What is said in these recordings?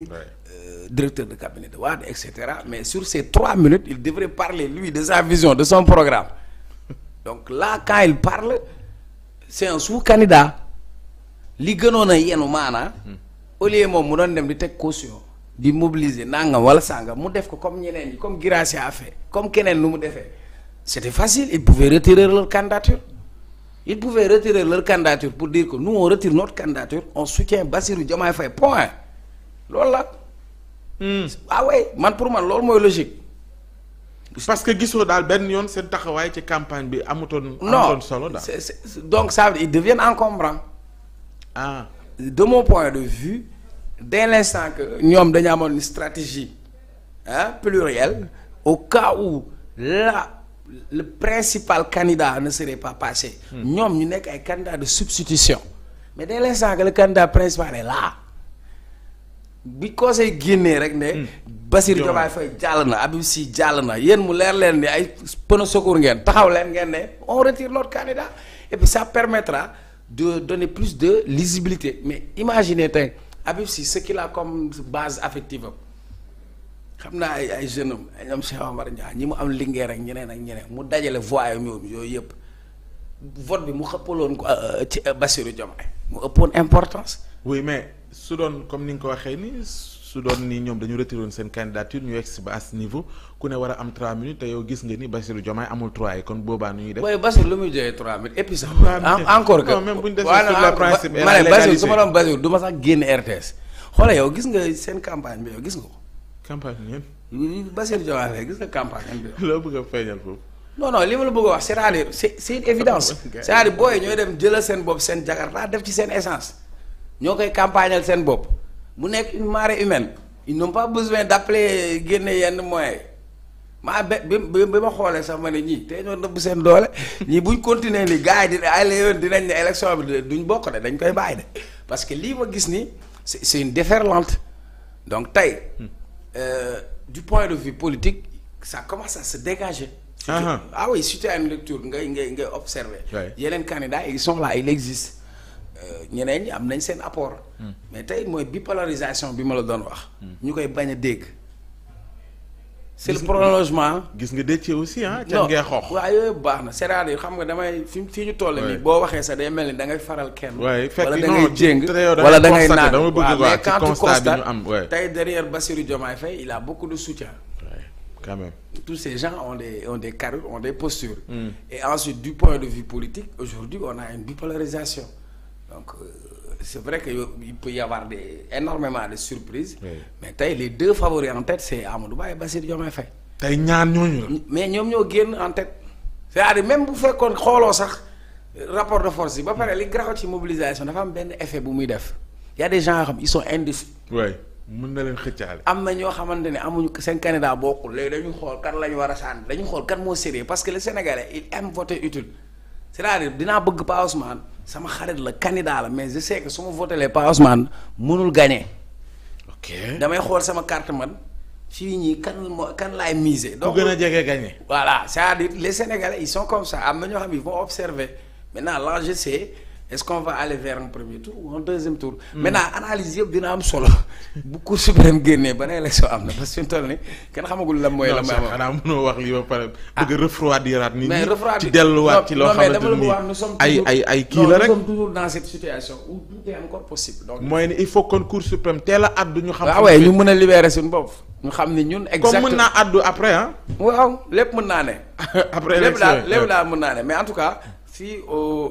Euh, directeur de cabinet de Wade et mais sur ces trois minutes il devrait parler lui de sa vision de son programme donc là quand il parle c'est un sous-candidat li gënoon a yenu maanaa hmm. au moom mu doon dem di teg caution di mobiliser nangam wala sangam mu def ko comme ñeneen ñi comme Guirassy a comme keneen lu mu defee c'était facile ils pouvaient retirer leur candidature ils pouvaient retirer leur candidature pour dire ko nu on retire notre candidature on soutient Bassirou Diomaye Faye loolu la. Hmm. ah ouais man pour man loolu mooy logique. parce que gisoo daal benn yoon seen taxawaay ci campagne bi amutoon. amutoon solo daal donc ça veut dire ils deviennent encombrants. Ah. de mon point de vue de l'instant que ñoom dañu amoon une stratégie ah plurielle au cas où la le principal candidat ne serait pas passé. Hmm. ñoom ñu nekk ay candidats de substitution mais de l'instant que la candidat principal est là. bi conseil génnee rek ne. Hmm. Bassirou Diomaye Faye jàll na Habib Sy jàll na yéen mu leer leen ni ay pneu secours ngeen taxaw leen ngeen ne on retire notre candidat et puis ça permettra de donner plus de lisibilité mais imagine tey Habib Sy ce comme base affective am xam naa ay ay jeunes am ay ñoom Cheikh Omar Ndiaye ñi mu am Linguère ak ñeneen ak ñeneen mu dajale voix ñoom yooyu yëpp vote bi mu xëppaloon ko euh, ci euh, Bassirou Diomaye mu ëppoon importance. oui mais. su doon comme ni nga ko waxee ni su doon ni ñoom dañu retiré woon seen candidature ñu yegg ba à ce niveau ku ne war a am 3 minutes te yow gis nga ni Bassirou Diomaye yi kon boobaa nu ñuy def. waaye Bassirou lu minutes encore que non même su ma doon Bassirou du sax génn RTS xoolal yow gis nga seen campagne bi yow gis nga ko. campagne bi ngeen. Bassirou Diomaye gis nga campagne bi. loo bëgg a feeñal foofu. non li ma la bëgg a wax c'est-à-dire c'est c'est une évidence. cest à booy seen bopp seen def ci seen essence ñoo koy campagnal seen bopp mu nekk une marée humaine ils n'ont pas besoin d'appeler génne yenn moyens maa be bi bi ma xoolee sax ma ne ñii tey ñoo nëbb seen doole ñii buñ continuer ni gars yi dinañ ne élection duñ bokk de dañ koy bàyyi de parce que lii ma gis ni c'est une déferlante donc tey hmm. euh, du point de vue politique ça commence à se dégager ah, ah. ah oui si tu lecture ngay ngay ngay observer yeneen candidats ils sont là ils existent Euh, ñeneen ñi am nañ seen apport. Hmm. mais tey mooy bipolarisation bi ma la doon wax. Hmm. ñu koy bañ a dégg. c'est le prolongement. gis nga dëcc aussi ah. ca ngay yooyu baax na c'est-à-dire xam nga damay fi fii ñu toll nii. boo waxee sax day mel ni da ngay faral kenn. waay fekk wala da ngay wala da ngay naan dama bëgg waaw mais quand tu constates tey derrière Bassirou Diomaye Faye de soutien. quand même tous ces gens on des ont des carrures ont des postures. Hmm. et ensuite du point de vue politique aujourd'hui on a une bipolarisation. donc euh, c'est vrai que il peut y avoir des énormément de surprises. mais tey les deux favoris en tête c'est Amadou Ba et Bassirou Diomaye Faye. tey ñaar ñooñu la. mais ñoom ñoo génn en tête c'est-à-dire même bu fekkoon xooloo sax euh, rapport de force yi ba pare li graw ci mobilisation dafa am benn effet bu muy def y a des gens yoo xam ils sont indécis. oui mën na leen xëccaale. am na ñoo xamante ni amuñu seen candidat bokkul léegi dañu xool kan la ñu war a sànni dañu xool kan moo sérieux parce que le Sénégalais il aime voter utile dinaa bëgg Pa Ousmane. sama xarit la candidat la mais je sais que su ma votelee pas Ousmane mënul gagner. ok damay xool sama carte man fii ñii kan moo kan laay miser. doo ku gën a jege gagner. voilà c'est-à-dire les Sénégalais ils sont comme ça am na ñoo xam ne ils vont observer maintenant l'enjeu c'est est-ce qu'on va aller vers un premier tour ou hmm. analyse yëpp dina am solo bu Cour suprême génnee ban élection am na parce que toll nii kenn xamagul lan mooy. la may wax xanaa mënoo wax lii ba pare. Ah. bëgg refroidiraat nit ñi ci delluwaat ci loo xamante ni ay ay ay donc mooy ni il faut kon Cour suprême a àddu ñu. xam waaw ah ñu xam ni ñun exactement comme mën naa àddu après ah. waaw lépp mën naa ne. après élection lépp daal lépp daal mën naa ne mais en tout cas fii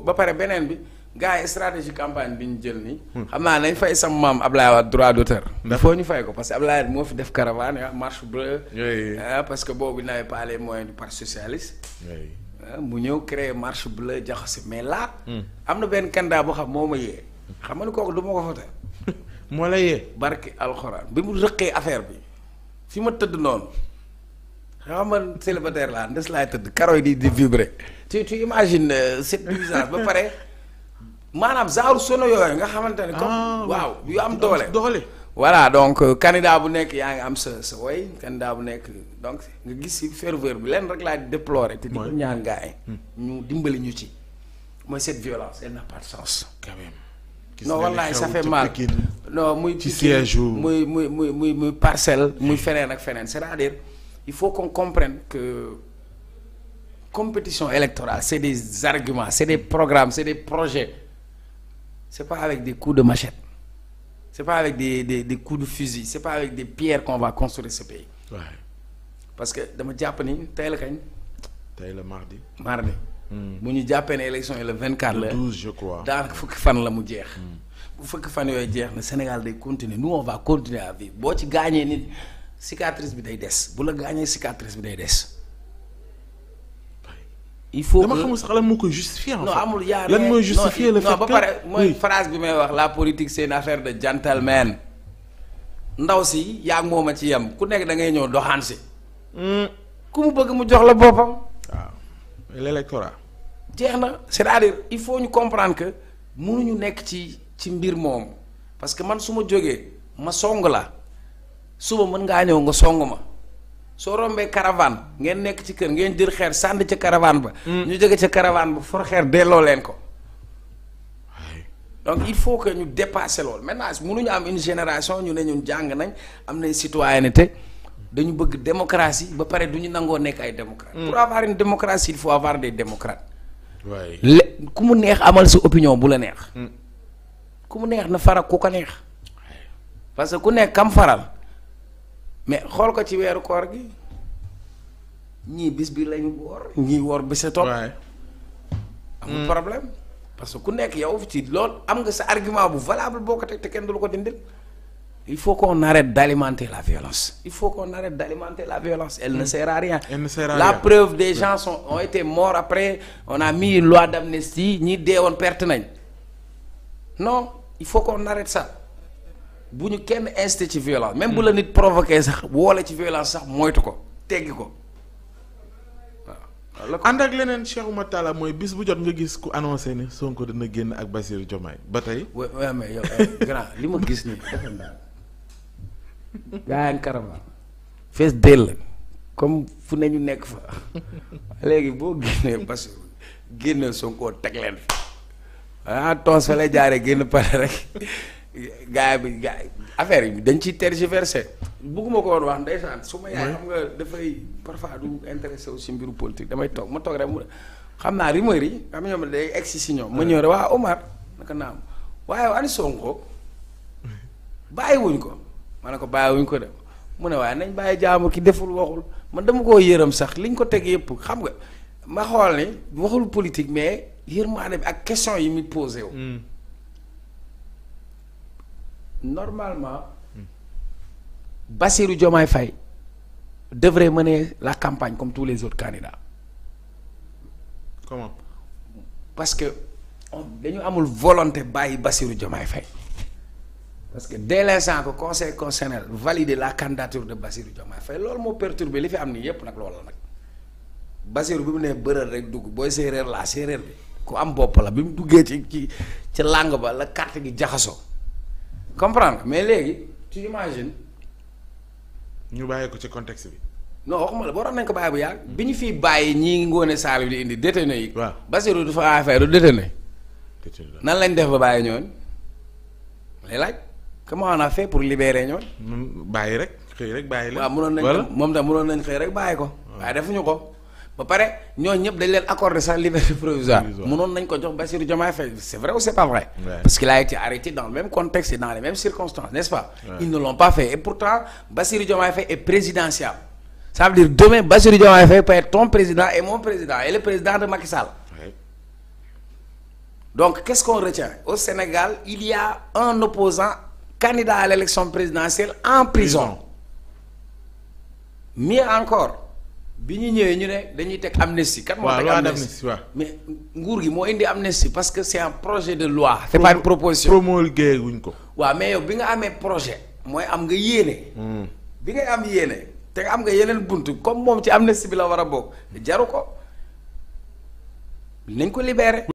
ba pare beneen bi gars yi stratégie campagne bi ñu jël ni xam naa nañ fay sama maam Ablaye Wade droit d'auteur. il ñu fay ko parce que Ablaye Wade moo fi def caravane ah marche bleue. Ah, parce que boobu n'avait pas les moyens du ah, mu ñëw créer marche bleue si mais là. Hmm. am na benn candidat boo xam moo ma yee. xam nga ni kooku du ma ko voté. moo la yee. barki alxuraan bi mu rëqee affaire bi fi ma tëdd noonu. xam nga célibataire laa ndes laay tëdd karo yi di di vibré. tu tu imagines euh, cette puissance ba pare. maanaam genre sono yooyu nga xamante ne comme ah, waaw yu am doole doole voilà donc euh, candidat bu nekk yaa ngi am sa sa woy bu nekk donc nga gis si ferveur bi leen rek laa di déplorer te di ko ñaan gars hmm. ñu dimbali ñu ci mooy cette violence elle n'a pas de sens quand même mal non muy ci siège muy muy muy muy muy parcelle muy feneen ak feneen cest à il faut qu'on comprenne que compétition électorale c'est des arguments c'est des programmes c'est des projets c'est pas avec des coups de machette c'est pas avec des des des coups de fusil c'est pas avec des pierres qu'on va construire pays. Ouais. parce que dama jàpp ni tey la kañ. tey la mardi. mardi. Hmm. bu ñu jàppee ne élection yi le 24 la. le 12 je crois. daanaka fukki fan la mu jeex. Hmm. bu fukki fan yooyu jeex na Sénégal day continuer nous on va continuer à boo ci gaañee nit cicatrice bi day des bu la gaañee cicatrice bi day des. il faut dama xamul sax lan moo koy justifier en fait amul yaa lan mooy justifier le fait que ba pare mooy phrase bi may wax la politique c'est une affaire de gentleman ndaw si yaa ngi moom a ci yem ku nekk dangay ñëw doxaan si. Hmm. ku mu bëgg mu jox la boppam. waaw jeex na c'est-à-dire il faut ñu comprendre que ñu nekk ci ci mbir moom parce que man su ma jógee ma song la suba mën ngaa ñëw nga song ma. soo rombee caravane ngeen nekk ci kër ngeen jël xeer sànni ca caravane ba. Mm. ñu jóge ca caravane ba for xeer delloo leen ko. donc il faut que ñu dépasser loolu maintenant mënuñu am une génération ñu ne ñun jàng nañ am nañ citoyenneté dañu bëgg démocratie ba pare du ñu nangoo nekk ay démocrate. Mm. pour avoir une démocratie il faut avoir des le ku mu neex amal sa opinion bu la neex. Mm. ku mu neex na fara ku ko neex. parce ku nekk kam faral. mais xool ko ci weeru koor gi ñii bis bi lañu woor ñii woor bi sa topp amul mm. problème parce que ku nekk yow ci lool am nga sa argument bu valable boo ko teg te kenn du lu ko dindil il faut qu'on arrête d'alimenter la violence il faut qu'on arrête d'alimenter la violence elle ne mm. sert à rien la preuve des gens sont ont été morts après on a mis une ñii dee woon perte nañ non il faut qu'on arrête ça bu ñu kenn incité ci violence même bu la nit provoqué sax woole ci violence sax moytu ko teggi ko waaw. ànd ak leneen Cheikh Oumar mooy bis bu jot nga gis ku annoncé ni Sonko dina génn ak Bassirou Diomaye ba tey. waaw waaw mais yow euh, grand li ma gis nii dafa ndaw gaa yi fees dell comme fu ne ñu nekk fa léegi boo génnee Bassirou génnee Sonko teg leen fi ah, tons fa lay jaaree génn pare rek. gaa bi gaa affaire yi dañ ci tergiversé bugguma ko woon wax ndeysaan su ma yaay xam nga dafay parfois du intéressé aussi mbiru politique damay toog ma toog rek mu xam naa rumeur yi xam nga ñoom day egsi si ñoom ma ñëw rek waa Omar naka naam ko ma ne ko bàyyiwuñ ko de mu ne waaye nañ bàyyi jaamu ki deful waxul man dama koo yërëm sax liñ ko teg yëpp xam nga ma xool ni waxul politique mais yërmaane bi ak question yi muy posé normalement Bassirou Diomaye Faye devrait mener la campagne comme tous les autres candidats. comment. parce que on dañu amul volonté bàyyi Bassirou Diomaye fay parce que dès l'instant que conseil constitutionnel valide la candidature de Bassirou Diomaye fay loolu moo perturbé li fi am ni yépp nag loolu la nag Bassirou bi mu nee bërël rek dugg booy séeréer laa séeréer ku am bopp la bi mu duggee ci ci ci làng ba la carte gi jaxasoo. comprendre mais léegi tu imagines ñu bàyyi ko ci context bi. non waxuma la waroon nañ ko bàyyi bu yàgg. bi ñu fiy bàyyi ñi ngoone saal di indi détenu yi. waaw Basirou du fa affaire du détenu. nan lañ def ba bàyyi ñooñu. lay laaj comment on a fait pour libérer ñooñu. bàyyi rek xëy rek bàyyi la. waaw mënoon nañ ko moom tam mënoon nañ xëy rek bàyyi ko. waaye defuñu ko. ba pare ñooñu ñëpp dañ leen accordé sax liberté provisoire mënoon nañ ko jox Bassirou Diomaye Faye c'est vrai ou c'est pas vrai ouais. parce qu'il a été arrêté dans le même contexte et dans les mêmes circonstances n'est-ce pas ils ne l'ont pas fait et pourtant Bassirou Diomaye est présidentiable ça veut dire demain Bassirou Diomaye Faye peut être ton président et mon président et le président de Macky donc qu'est-ce qu'on retient au Sénégal il y a un opposant candidat à l'élection présidentielle en prison, prison. mieux encore bi ñu ñëwee ñu ne dañuy teg amnistie. kat moo teg amnistie waaw mais nguur gi moo indi amnistie parce que c'est un projet de loi. c'est pas une proposition promulgué wuñ ko. waa mais yow bi nga amee projet. mooy am nga yéene. Hmm. bi ngay am yéene. te am nga yeneen bunt comme moom ci amnistie bi la war a bokk jaru ko nañ ko libéré.